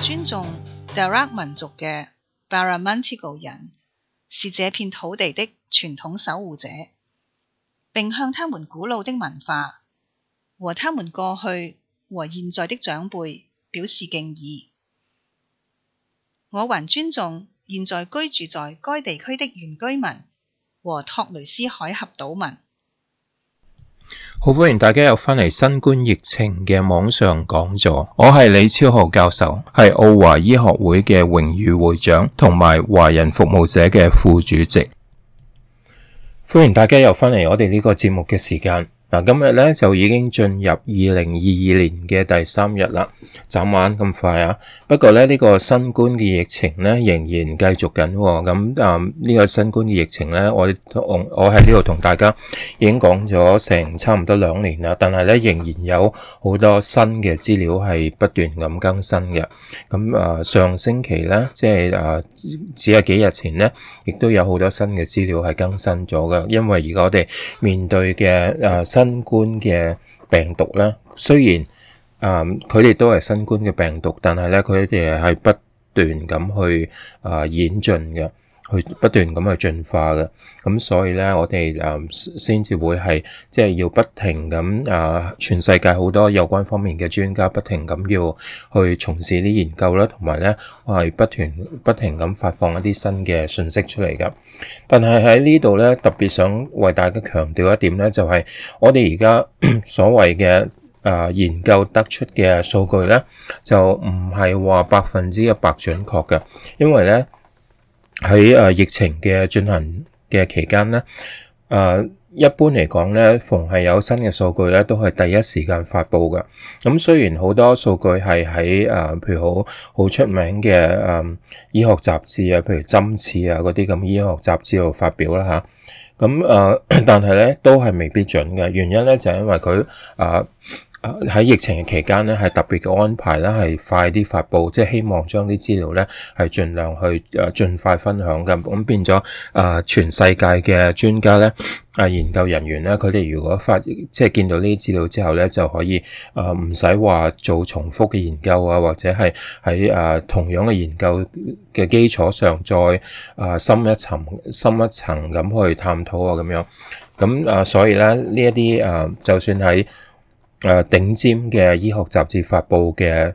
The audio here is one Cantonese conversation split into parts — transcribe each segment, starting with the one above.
尊重 Direct 民族嘅 Baromantigo 人，是這片土地的傳統守護者，並向他們古老的文化和他們過去和現在的長輩表示敬意。我還尊重現在居住在該地區的原居民和托雷斯海峽島民。好，歡迎大家又翻嚟，新冠疫情嘅網上講座，我係李超浩教授，係澳華醫學會嘅榮譽會長，同埋華人服務社嘅副主席。歡迎大家又翻嚟我哋呢個節目嘅時間。嗱，今日咧就已經進入二零二二年嘅第三日啦，眨眼咁快啊！不過咧呢、呢個新冠嘅疫情咧仍然繼續緊喎、哦。咁啊，呢、呢個新冠嘅疫情咧，我我喺呢度同大家已經講咗成差唔多兩年啦。但係咧仍然有好多新嘅資料係不斷咁更新嘅。咁啊，上星期咧，即係啊，只係幾日前咧，亦都有好多新嘅資料係更新咗嘅。因為而家我哋面對嘅啊新新冠嘅病毒咧，雖然啊，嗯、佢哋都係新冠嘅病毒，但係咧，佢哋係不斷咁去啊、呃、演進嘅。去不斷咁去進化嘅，咁所以咧，我哋誒先至會係即係要不停咁啊，全世界好多有關方面嘅專家不停咁要去從事啲研究啦，同埋咧我係不斷不停咁發放一啲新嘅信息出嚟嘅。但係喺呢度咧，特別想為大家強調一點咧，就係、是、我哋而家所謂嘅誒、啊、研究得出嘅數據咧，就唔係話百分之一百準確嘅，因為咧。喺誒、啊、疫情嘅進行嘅期間咧，誒、啊、一般嚟講咧，逢係有新嘅數據咧，都係第一時間發佈噶。咁雖然好多數據係喺誒，譬如好好出名嘅誒、啊、醫學雜誌啊，譬如針、啊《針刺》啊嗰啲咁醫學雜誌度發表啦吓。咁、啊、誒，但係咧都係未必準嘅，原因咧就係、是、因為佢誒。啊喺疫情嘅期間咧，係特別嘅安排啦，係快啲發布，即係希望將啲資料咧係盡量去誒、啊、盡快分享嘅。咁變咗誒、啊、全世界嘅專家咧、啊研究人員咧，佢哋如果發即係見到呢啲資料之後咧，就可以誒唔使話做重複嘅研究啊，或者係喺誒同樣嘅研究嘅基礎上再誒、啊、深一層、深一層咁去探討啊，咁樣。咁啊，所以咧呢一啲誒，就算喺誒、啊、頂尖嘅醫學雜誌發布嘅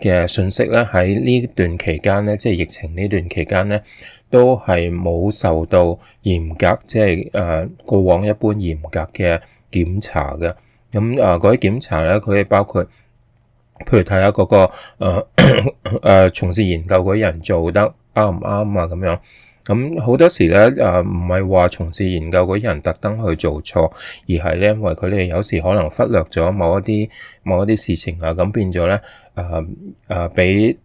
嘅信息咧，喺呢段期間咧，即係疫情呢段期間咧，都係冇受到嚴格，即係誒、啊、過往一般嚴格嘅檢查嘅。咁誒嗰啲檢查咧，佢係包括，譬如睇下嗰個誒誒、啊 啊、從事研究嗰啲人做得啱唔啱啊，咁樣。咁好多時咧，誒唔係話從事研究嗰啲人特登去做錯，而係咧因為佢哋有時可能忽略咗某一啲某一啲事情啊，咁變咗咧，誒誒俾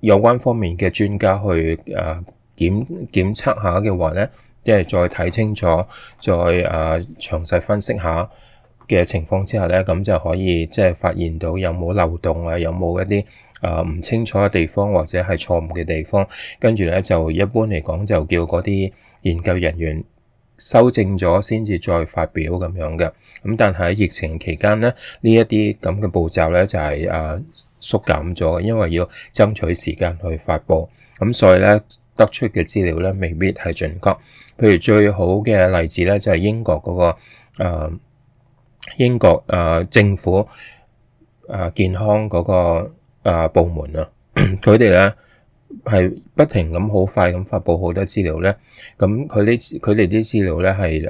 有關方面嘅專家去誒檢檢測下嘅話咧，即係再睇清楚，再誒詳細分析下嘅情況之下咧，咁就可以即係發現到有冇漏洞啊，有冇一啲誒唔清楚嘅地方或者係錯誤嘅地方，跟住咧就一般嚟講就叫嗰啲研究人員修正咗先至再發表咁樣嘅。咁但喺疫情期間咧，呢一啲咁嘅步驟咧就係誒縮減咗，因為要爭取時間去發佈，咁所以咧得出嘅資料咧未必係準確。譬如最好嘅例子咧就係英國嗰個誒。英國啊，政府啊，健康嗰個啊部門啊，佢哋咧係不停咁好快咁發布好多資料咧，咁佢啲佢哋啲資料咧係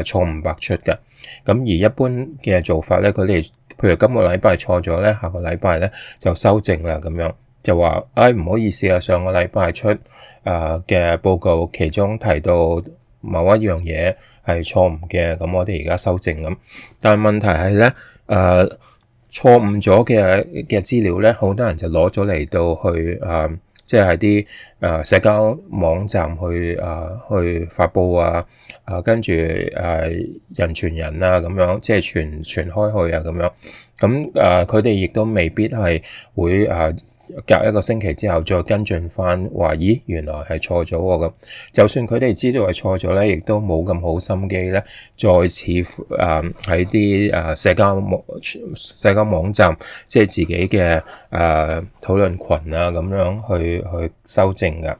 誒誒錯誤百出嘅，咁、啊、而一般嘅做法咧，佢哋譬如今個禮拜係錯咗咧，下個禮拜咧就修正啦，咁樣就話唉，唔好意思啊，上個禮拜出啊嘅報告其中提到，某一樣嘢係錯誤嘅，咁我哋而家修正咁。但問題係咧，誒錯誤咗嘅嘅資料咧，好多人就攞咗嚟到去誒、呃，即係啲誒社交網站去誒、呃、去發布啊，誒跟住誒、呃、人傳人啊咁樣，即係傳傳開去啊咁樣。咁誒佢哋亦都未必係會誒。呃隔一個星期之後再跟進返，話咦原來係錯咗喎咁。就算佢哋知道係錯咗咧，亦都冇咁好心機咧，再次誒喺啲誒社交網社交網站，即係自己嘅誒討論群啊咁樣去去修正㗎。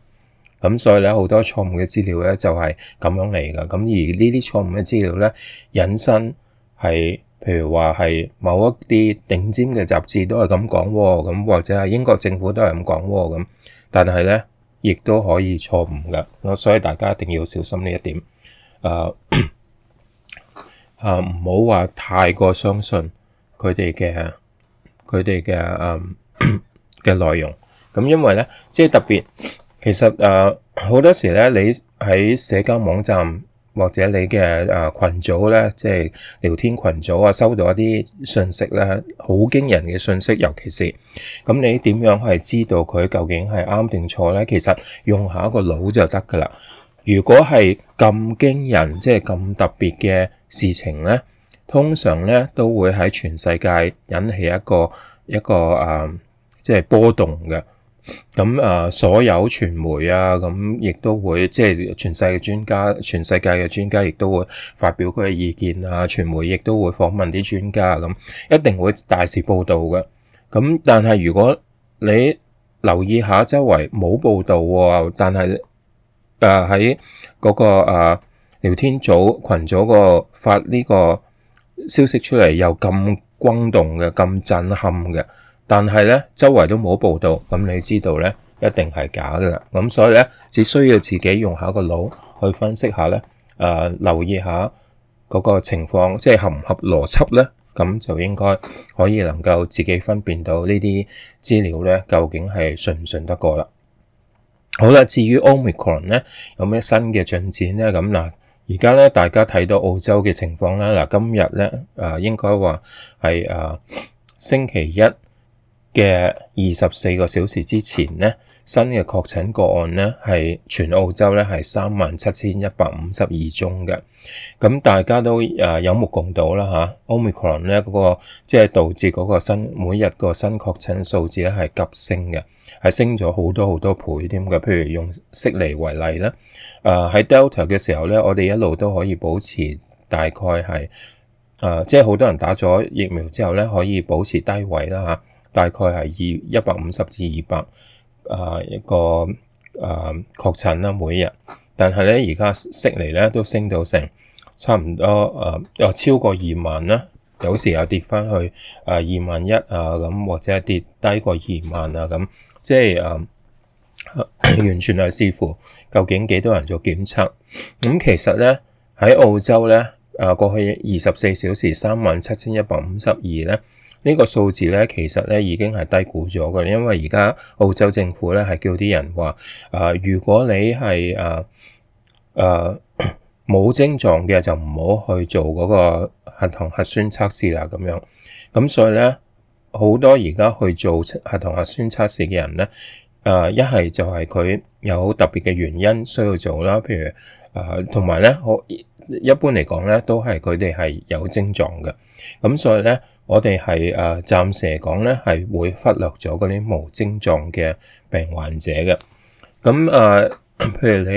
咁所以咧好多錯誤嘅資料咧就係咁樣嚟㗎。咁而呢啲錯誤嘅資料咧引申係。譬如話係某一啲頂尖嘅雜誌都係咁講喎，咁或者係英國政府都係咁講喎，咁但係咧亦都可以錯誤嘅，所以大家一定要小心呢一點，誒誒唔好話太過相信佢哋嘅佢哋嘅嘅內容，咁因為咧即係特別其實誒、啊、好多時咧你喺社交網站。或者你嘅誒羣組咧，即係聊天群組啊，收到一啲信息咧，好驚人嘅信息，尤其是咁你點樣去知道佢究竟係啱定錯咧？其實用下一個腦就得噶啦。如果係咁驚人，即係咁特別嘅事情咧，通常咧都會喺全世界引起一個一個誒、呃，即係波動嘅。咁啊、嗯，所有傳媒啊，咁、嗯、亦都會即係全世界專家，全世界嘅專家亦都會發表佢嘅意見啊。傳媒亦都會訪問啲專家，咁、嗯、一定會大肆報道嘅。咁、嗯、但係如果你留意下周圍冇報道、啊，但係誒喺嗰個誒、啊、聊天組群組個發呢個消息出嚟，又咁轟動嘅，咁震撼嘅。但係咧，周圍都冇報道，咁你知道咧，一定係假噶啦。咁所以咧，只需要自己用下個腦去分析下咧，誒、呃、留意下嗰個情況，即係合唔合邏輯咧，咁就應該可以能夠自己分辨到呢啲資料咧，究竟係信唔信得過啦。好啦，至於 Omicron 咧，有咩新嘅進展咧？咁嗱，而家咧，大家睇到澳洲嘅情況啦，嗱、呃、今日咧，誒應該話係誒星期一。嘅二十四個小時之前咧，新嘅確診個案咧係全澳洲咧係三萬七千一百五十二宗嘅。咁、嗯、大家都誒、呃、有目共睹啦吓，Omicron 咧嗰個即係導致嗰個新每日個新確診數字咧係急升嘅，係升咗好多好多倍添嘅。譬如用悉尼為例啦，誒、呃、喺 Delta 嘅時候咧，我哋一路都可以保持大概係誒、呃，即係好多人打咗疫苗之後咧，可以保持低位啦吓。大概係二一百五十至二百啊一個啊確診啦，每一日。但係咧，而家悉尼咧都升到成差唔多啊，又超過二萬啦。有時又跌翻去21，啊二萬一啊咁，或者跌低過二萬啊咁，即係啊完全係視乎究竟幾多人做檢測。咁、嗯、其實咧喺澳洲咧啊，過去二十四小時三萬七千一百五十二咧。37, 個數呢個數字咧，其實咧已經係低估咗㗎，因為而家澳洲政府咧係叫啲人話，啊、呃，如果你係啊啊冇症狀嘅，就唔好去做嗰個核糖核酸測試啦。咁樣咁，所以咧好多而家去做核糖核酸測試嘅人咧，啊一係就係佢有好特別嘅原因需要做啦，譬如啊，同埋咧，我一般嚟講咧，都係佢哋係有症狀嘅，咁所以咧。我哋係誒，暫時嚟講咧，係會忽略咗嗰啲無症狀嘅病患者嘅。咁誒、啊，譬如你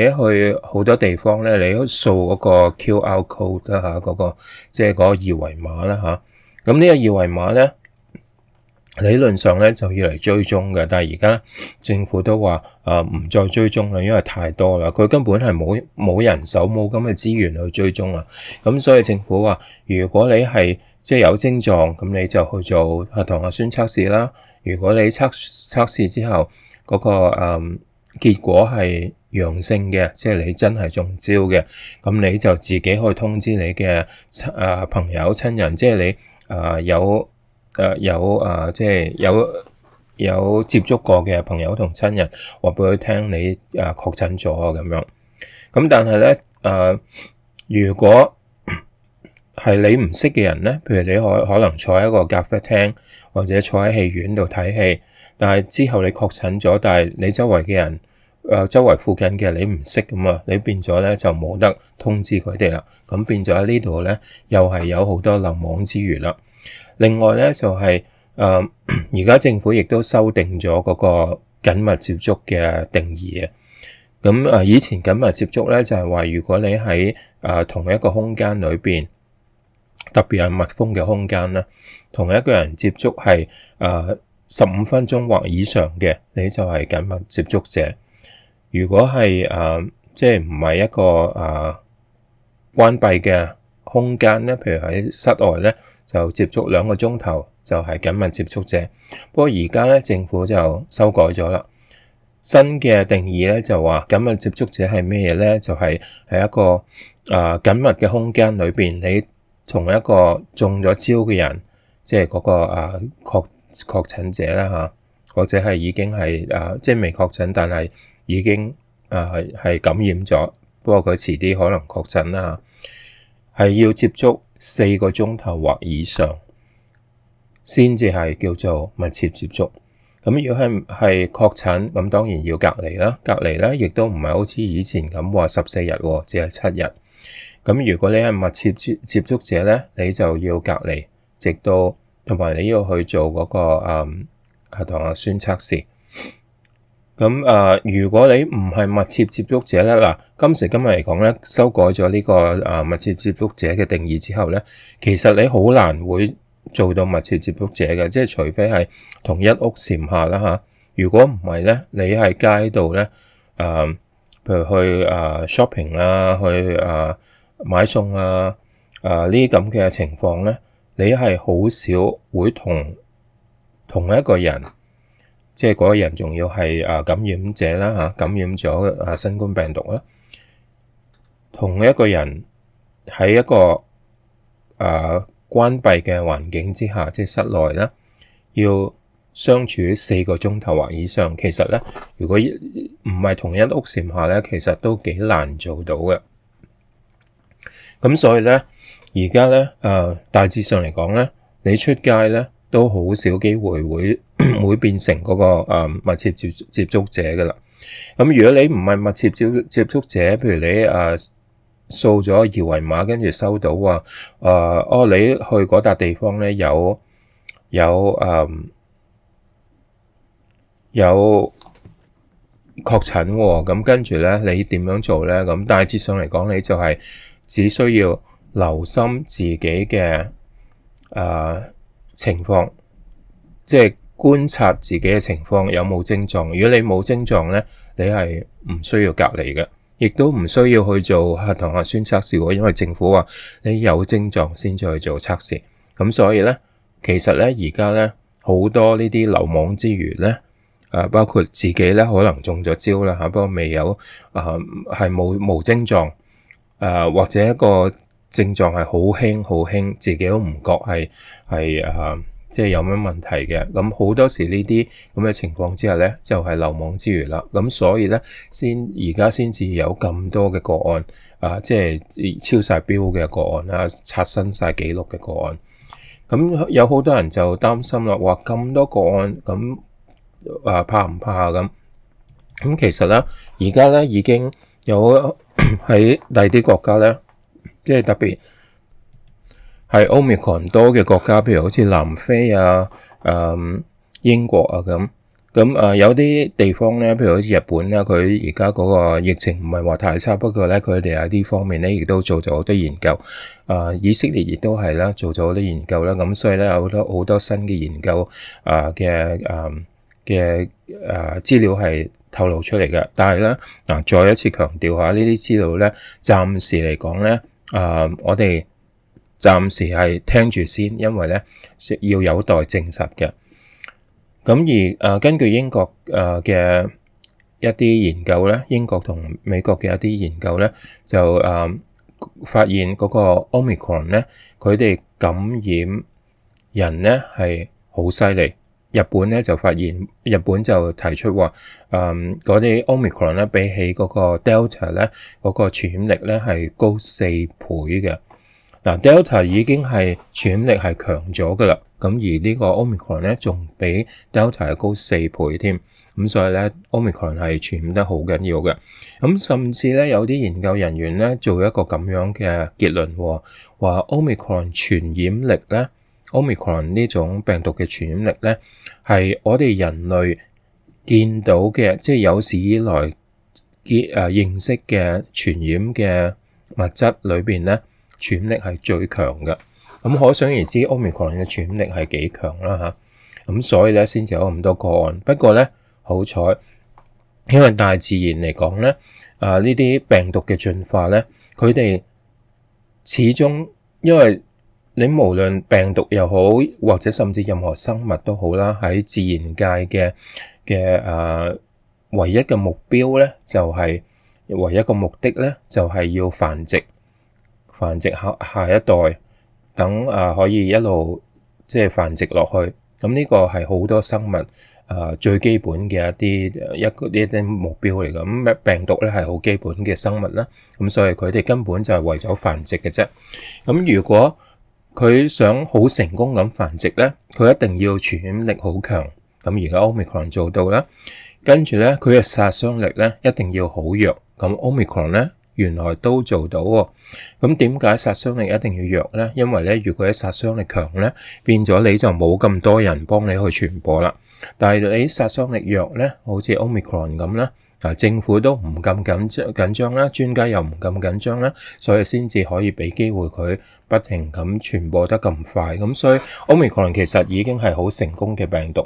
去好多地方咧，你都掃嗰個 QR Code 吓、啊，嗰、嗰個即係嗰個二維碼啦吓。咁、啊、呢個二維碼咧，理論上咧就要嚟追蹤嘅，但係而家政府都話誒唔再追蹤啦，因為太多啦，佢根本係冇冇人手冇咁嘅資源去追蹤啊。咁所以政府話，如果你係。即係有症狀，咁你就去做核糖核酸測試啦。如果你測測試之後嗰、那個誒、嗯、結果係陽性嘅，即係你真係中招嘅，咁你就自己去通知你嘅啊朋友、親人，即係你啊有誒有啊，即係有有接觸過嘅朋友同親人，話俾佢聽你啊確診咗咁樣。咁、嗯、但係咧誒，如果係你唔識嘅人咧，譬如你可可能坐喺一個咖啡廳，或者坐喺戲院度睇戲，但係之後你確診咗，但係你周圍嘅人，誒、呃、周圍附近嘅人，你唔識咁啊，你變咗咧就冇得通知佢哋啦，咁變咗喺呢度咧又係有好多漏網之魚啦。另外咧就係誒而家政府亦都修訂咗嗰個緊密接觸嘅定義啊。咁誒以前緊密接觸咧就係、是、話如果你喺誒、呃、同一個空間裏邊。特別係密封嘅空間咧，同一個人接觸係誒十五分鐘或以上嘅，你就係緊密接觸者。如果係誒、呃，即係唔係一個誒、呃、關閉嘅空間咧，譬如喺室外咧，就接觸兩個鐘頭就係、是、緊密接觸者。不過而家咧，政府就修改咗啦，新嘅定義咧就話緊密接觸者係咩嘢咧？就係、是、喺一個誒、呃、緊密嘅空間裏邊你，同一個中咗招嘅人，即係嗰、那個啊確確診者啦嚇、啊，或者係已經係啊即係未確診，但係已經啊係感染咗，不過佢遲啲可能確診啦嚇，係要接觸四個鐘頭或以上，先至係叫做密切接觸。咁如果係係確診，咁當然要隔離啦。隔離咧，亦都唔係好似以前咁話十四日喎，只係七日。咁如果你係密切接接觸者咧，你就要隔離，直到同埋你要去做嗰、那個誒誒核糖核酸測試。咁誒、啊，如果你唔係密切接觸者咧嗱、啊，今時今日嚟講咧，修改咗呢、這個誒、啊、密切接觸者嘅定義之後咧，其實你好難會做到密切接觸者嘅，即係除非係同一屋檐下啦吓、啊，如果唔係咧，你喺街度咧誒，譬如去誒、啊、shopping 啦、啊，去誒。啊買餸啊！啊呢啲咁嘅情況咧，你係好少會同同一個人，即係嗰個人仲要係啊感染者啦吓、啊，感染咗啊新冠病毒啦。同一個人喺一個誒、啊、關閉嘅環境之下，即係室內啦，要相處四個鐘頭或以上，其實咧，如果唔係同一屋檐下咧，其實都幾難做到嘅。咁所以咧，而家咧，誒、呃、大致上嚟講咧，你出街咧都好少機會會 會變成嗰、那個、呃、密切接接觸者嘅啦。咁、嗯、如果你唔係密切接接觸者，譬如你誒掃咗二維碼，跟住收到話，誒、呃、哦你去嗰笪地方咧有有誒、呃、有確診喎，咁跟住咧你點樣做咧？咁大致上嚟講，你就係、是。只需要留心自己嘅誒、啊、情況，即係觀察自己嘅情況有冇症狀。如果你冇症狀咧，你係唔需要隔離嘅，亦都唔需要去做核糖核酸測試喎。因為政府話你有症狀先再去做測試。咁所以咧，其實咧，而家咧好多呢啲漏網之魚咧，誒、啊、包括自己咧可能中咗招啦嚇，不、啊、過未有誒係冇冇症狀。誒、啊，或者一個症狀係好輕好輕，自己都唔覺係係誒，即係有咩問題嘅。咁好多時呢啲咁嘅情況之下呢，就係漏網之魚啦。咁所以呢，先而家先至有咁多嘅個案啊，即係超晒標嘅個案啦、啊，刷新晒記錄嘅個案。咁有好多人就擔心啦，哇！咁多個案咁誒、啊，怕唔怕咁？咁其實呢，而家呢已經有。喺第啲國家咧，即係特別係奧密克戎多嘅國家，譬如好似南非啊、誒、嗯、英國啊咁。咁、嗯、誒有啲地方咧，譬如好似日本咧，佢而家嗰個疫情唔係話太差，不過咧佢哋喺呢方面咧，亦都做咗好多研究。誒、呃、以色列亦都係啦，做咗好多研究啦，咁、嗯、所以咧有好多好多新嘅研究啊嘅誒嘅誒資料係透露出嚟嘅，但係咧，嗱，再一次強調下，呢啲資料咧，暫時嚟講咧，誒、呃，我哋暫時係聽住先，因為咧要有待證實嘅。咁而誒、呃，根據英國誒嘅一啲研究咧，英國同美國嘅一啲研究咧，就誒、呃，發現嗰個 omicron 咧，佢哋感染人咧係好犀利。日本咧就發現，日本就提出話，誒嗰啲奧密克戎咧比起嗰個 Delta 咧，嗰個傳染力咧係高四倍嘅。嗱、啊，Delta 已經係傳染力係強咗噶啦，咁而呢個 Omicron 咧仲比 Delta 係高四倍添，咁所以咧 Omicron 係傳染得好緊要嘅。咁甚至咧有啲研究人員咧做一個咁樣嘅結論哦，話 Omicron 傳染力咧。Omicron 呢種病毒嘅傳染力咧，係我哋人類見到嘅，即、就、係、是、有史以來結誒、啊、認識嘅傳染嘅物質裏邊咧，傳染力係最強嘅。咁可想而知，Omicron 嘅傳染力係幾強啦吓，咁、啊、所以咧，先至有咁多個案。不過咧，好彩，因為大自然嚟講咧，啊呢啲病毒嘅進化咧，佢哋始終因為。你無論病毒又好，或者甚至任何生物都好啦，喺自然界嘅嘅誒，唯一嘅目標咧，就係、是、唯一個目的咧，就係、是、要繁殖、繁殖下下一代，等啊可以一路即係繁殖落去。咁呢個係好多生物誒、啊、最基本嘅一啲一個啲目標嚟噶。咁病毒咧係好基本嘅生物啦，咁所以佢哋根本就係為咗繁殖嘅啫。咁如果佢想好成功咁繁殖咧，佢一定要傳染力好強，咁而家 Omicron 做到啦。跟住咧，佢嘅殺傷力咧一定要好弱，咁 Omicron 咧原來都做到。咁點解殺傷力一定要弱咧？因為咧，如果啲殺傷力強咧，變咗你就冇咁多人幫你去傳播啦。但係你殺傷力弱咧，好似 Omicron 咁咧。啊，政府都唔咁緊張緊張啦，專家又唔咁緊張啦，所以先至可以俾機會佢不停咁傳播得咁快。咁所以 Omicron 其實已經係好成功嘅病毒。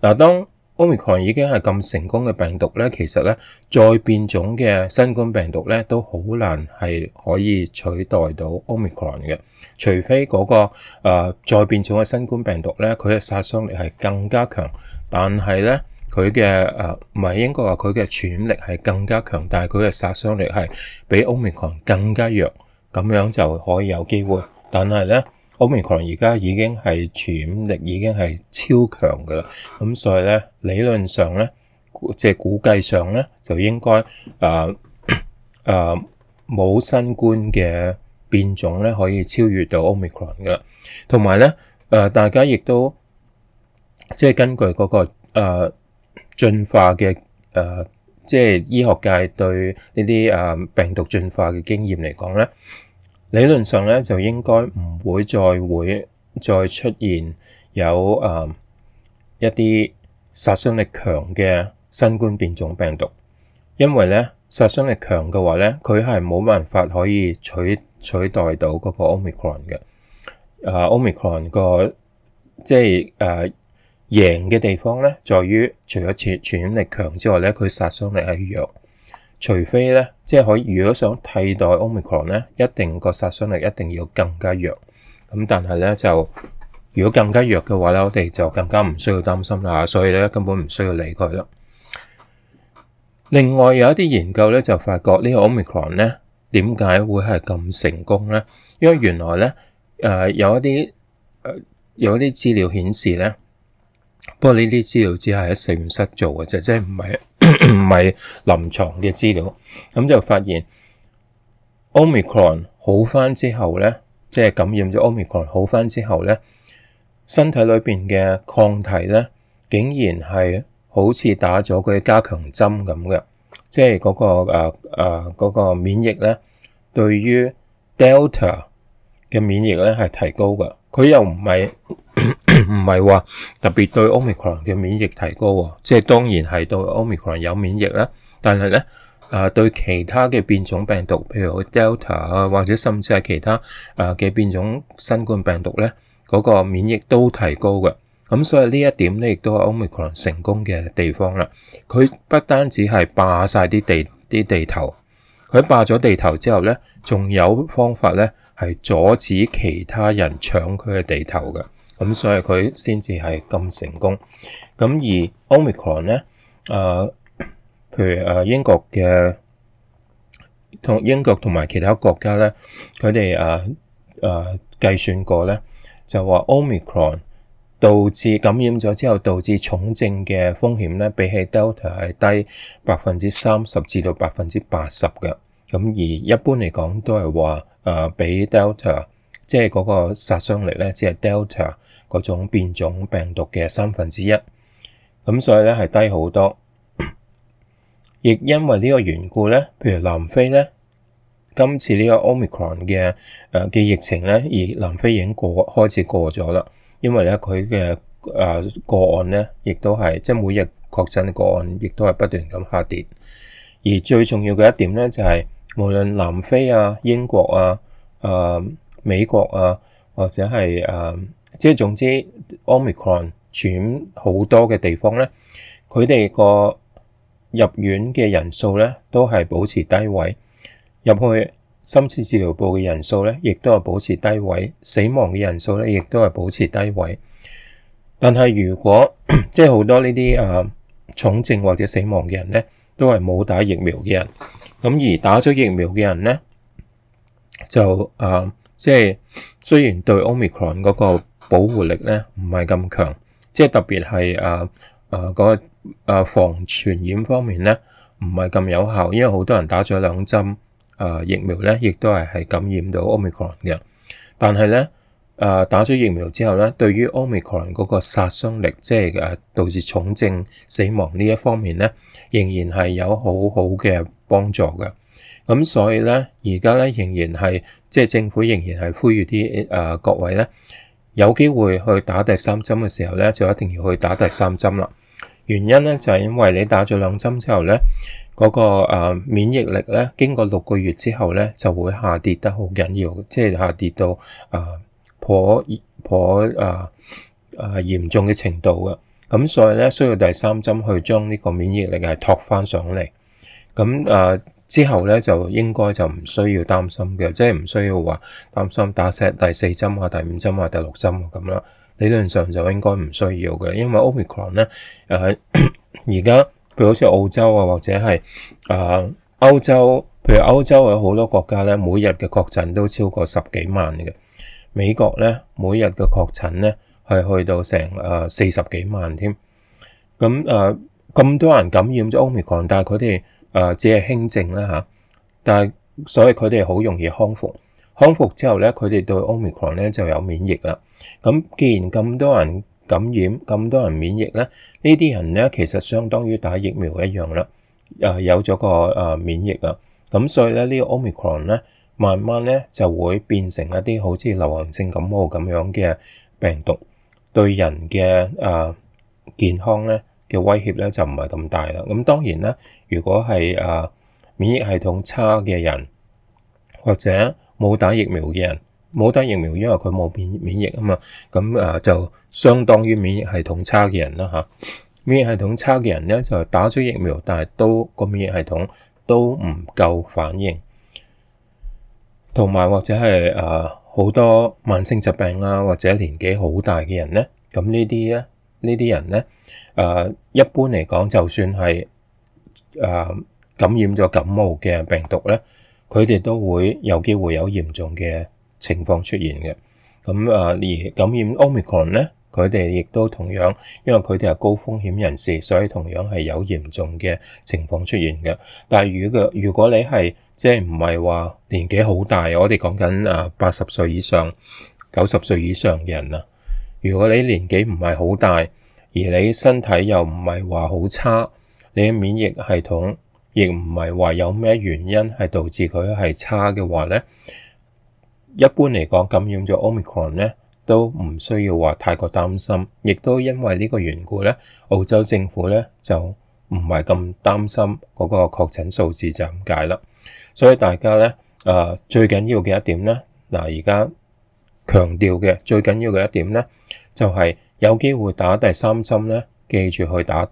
嗱、啊，當 Omicron 已經係咁成功嘅病毒咧，其實咧再變種嘅新冠病毒咧都好難係可以取代到 Omicron 嘅，除非嗰、嗰個、呃、再變種嘅新冠病毒咧佢嘅殺傷力係更加強，但係咧。佢嘅誒，唔係應該話佢嘅傳染力係更加強，但係佢嘅殺傷力係比 Omicron 更加弱，咁樣就可以有機會。但係咧，Omicron 而家已經係傳染力已經係超強㗎喇，咁所以咧理論上咧，即係估計上咧，就應該誒誒冇新冠嘅變種咧可以超越到 Omicron 嘅。同埋咧，誒、呃、大家亦都即係根據嗰、那個、呃進化嘅誒、呃，即係醫學界對呢啲誒病毒進化嘅經驗嚟講咧，理論上咧就應該唔會再會再出現有誒、呃、一啲殺傷力強嘅新冠變種病毒，因為咧殺傷力強嘅話咧，佢係冇辦法可以取取代到嗰個 omicron 嘅、呃、omicron 個即係誒。呃贏嘅地方咧，在於除咗潛傳染力強之外咧，佢殺傷力係弱。除非咧，即係可以，如果想替代 omicron 咧，一定個殺傷力一定要更加弱。咁但係咧，就如果更加弱嘅話咧，我哋就更加唔需要擔心啦。所以咧，根本唔需要理佢咯。另外有一啲研究咧，就發覺呢個 omicron 咧，點解會係咁成功咧？因為原來咧，誒有一啲誒有一啲資料顯示咧。不過呢啲資料只係喺實驗室做嘅啫，即係唔係唔係臨床嘅資料。咁就發現 Omicron 好返之後咧，即係感染咗 Omicron 好返之後咧，身體裏邊嘅抗體咧，竟然係好似打咗佢加強針咁嘅，即係嗰、嗰個誒誒、啊啊嗰個、免疫咧，對於 Delta 嘅免疫咧係提高嘅，佢又唔係。唔係話特別對 Omicron 嘅免疫提高、啊，即係當然係對 Omicron 有免疫啦。但係咧，誒、啊、對其他嘅變種病毒，譬如去 Delta 啊，或者甚至係其他誒嘅、啊、變種新冠病毒咧，嗰、那個免疫都提高嘅。咁所以呢一點咧，亦都係 Omicron 成功嘅地方啦。佢不單止係霸晒啲地啲地頭，佢霸咗地頭之後咧，仲有方法咧係阻止其他人搶佢嘅地頭嘅。咁、嗯、所以佢先至係咁成功。咁、嗯、而 Omicron 咧，誒、呃，譬如誒、呃、英國嘅同英國同埋其他國家咧，佢哋誒誒計算過咧，就話 Omicron 導致感染咗之後導致重症嘅風險咧，比起 Delta 係低百分之三十至到百分之八十嘅。咁、嗯、而一般嚟講都係話誒比 Delta。即係嗰個殺傷力咧，只係 Delta 嗰種變種病毒嘅三分之一，咁所以咧係低好多。亦 因為呢個緣故咧，譬如南非咧，今次呢個 Omicron 嘅誒嘅、呃、疫情咧，而南非已經過開始過咗啦，因為咧佢嘅誒個案咧，亦都係即係每日確診個案亦都係不斷咁下跌。而最重要嘅一點咧，就係、是、無論南非啊、英國啊、誒、呃。美國啊，或者係誒、啊，即係總之，omicron 傳好多嘅地方咧，佢哋個入院嘅人數咧，都係保持低位；入去深切治療部嘅人數咧，亦都係保持低位；死亡嘅人數咧，亦都係保持低位。但係如果 即係好多呢啲誒重症或者死亡嘅人咧，都係冇打疫苗嘅人，咁而打咗疫苗嘅人咧就誒、啊。即係雖然對 Omicron 嗰個保護力咧唔係咁強，即係特別係誒誒嗰個防傳染方面咧唔係咁有效，因為好多人打咗兩針誒、啊、疫苗咧，亦都係係感染到 Omicron 嘅。但係咧誒打咗疫苗之後咧，對於 Omicron 嗰個殺傷力，即係誒導致重症死亡呢一方面咧，仍然係有好好嘅幫助嘅。咁所以咧，而家咧仍然係即係政府仍然係呼籲啲誒、呃、各位咧，有機會去打第三針嘅時候咧，就一定要去打第三針啦。原因咧就係、是、因為你打咗兩針之後咧，嗰、那個、呃、免疫力咧經過六個月之後咧，就會下跌得好緊要，即係下跌到誒頗頗誒誒嚴重嘅程度啊。咁、呃、所以咧需要第三針去將呢個免疫力係托翻上嚟。咁、呃、誒。呃之後咧就應該就唔需要擔心嘅，即係唔需要話擔心打石第四針啊、第五針啊、第六針啊咁啦。理論上就應該唔需要嘅，因為 Omicron 咧，誒而家譬如好似澳洲啊，或者係誒、呃、歐洲，譬如歐洲有好多國家咧，每日嘅確診都超過十幾萬嘅。美國咧，每日嘅確診咧係去到成誒四十幾萬添。咁誒咁多人感染咗 Omicron，但係佢哋誒、啊、只係輕症啦嚇、啊，但係所以佢哋好容易康復，康復之後咧，佢哋對 Omicron 咧就有免疫啦。咁、啊、既然咁多人感染，咁多人免疫咧，呢啲人咧其實相當於打疫苗一樣啦。誒、啊、有咗個誒、啊、免疫啊，咁所以咧呢、呢個 Omicron 咧，慢慢咧就會變成一啲好似流行性感冒咁樣嘅病毒，對人嘅誒、啊、健康咧。嘅威脅咧就唔係咁大啦。咁當然咧，如果係啊、呃、免疫系統差嘅人，或者冇打疫苗嘅人，冇打疫苗因為佢冇免免疫啊嘛。咁啊就相當於免疫系統差嘅人啦嚇。免疫系統差嘅人咧就打咗疫苗，但係都、個免疫系統都唔夠反應。同埋或者係啊好多慢性疾病啊，或者年紀好大嘅人咧，咁呢啲咧。呢啲人咧，誒、啊、一般嚟講，就算係誒、啊、感染咗感冒嘅病毒咧，佢哋都會有機會有嚴重嘅情況出現嘅。咁、嗯、誒、啊、而感染 Omicron 咧，佢哋亦都同樣，因為佢哋係高風險人士，所以同樣係有嚴重嘅情況出現嘅。但係如果如果你係即係唔係話年紀好大，我哋講緊誒八十歲以上、九十歲以上嘅人啊。如果你年紀唔係好大，而你身體又唔係話好差，你嘅免疫系統亦唔係話有咩原因係導致佢係差嘅話咧，一般嚟講，感染咗 Omicron 咧都唔需要話太過擔心，亦都因為呢個緣故咧，澳洲政府咧就唔係咁擔心嗰個確診數字就咁解啦。所以大家咧，誒、啊、最緊要嘅一點咧，嗱而家。強調嘅最緊要嘅一點咧，就係有機會打第三針咧，記住去打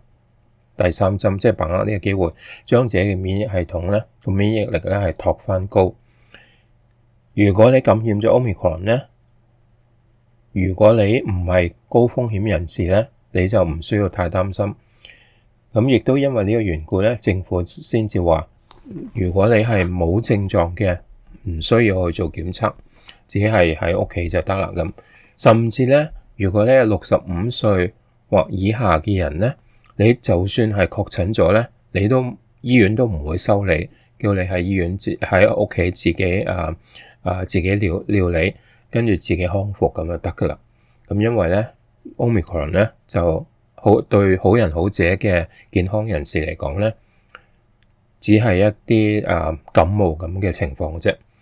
第三針，即係把握呢個機會，將自己嘅免疫系統咧同免疫力咧係托翻高。如果你感染咗 Omicron 咧，如果你唔係高風險人士咧，你就唔需要太擔心。咁亦都因為呢個緣故咧，政府先至話，如果你係冇症狀嘅，唔需要去做檢測。只係喺屋企就得啦，咁，甚至咧，如果咧六十五歲或以下嘅人咧，你就算係確診咗咧，你都醫院都唔會收你，叫你喺醫院自喺屋企自己誒誒、啊啊、自己料料，料理，跟住自己康復咁就得㗎啦。咁因為咧，Omicron 咧就好對好人好者嘅健康人士嚟講咧，只係一啲誒、啊、感冒咁嘅情況啫。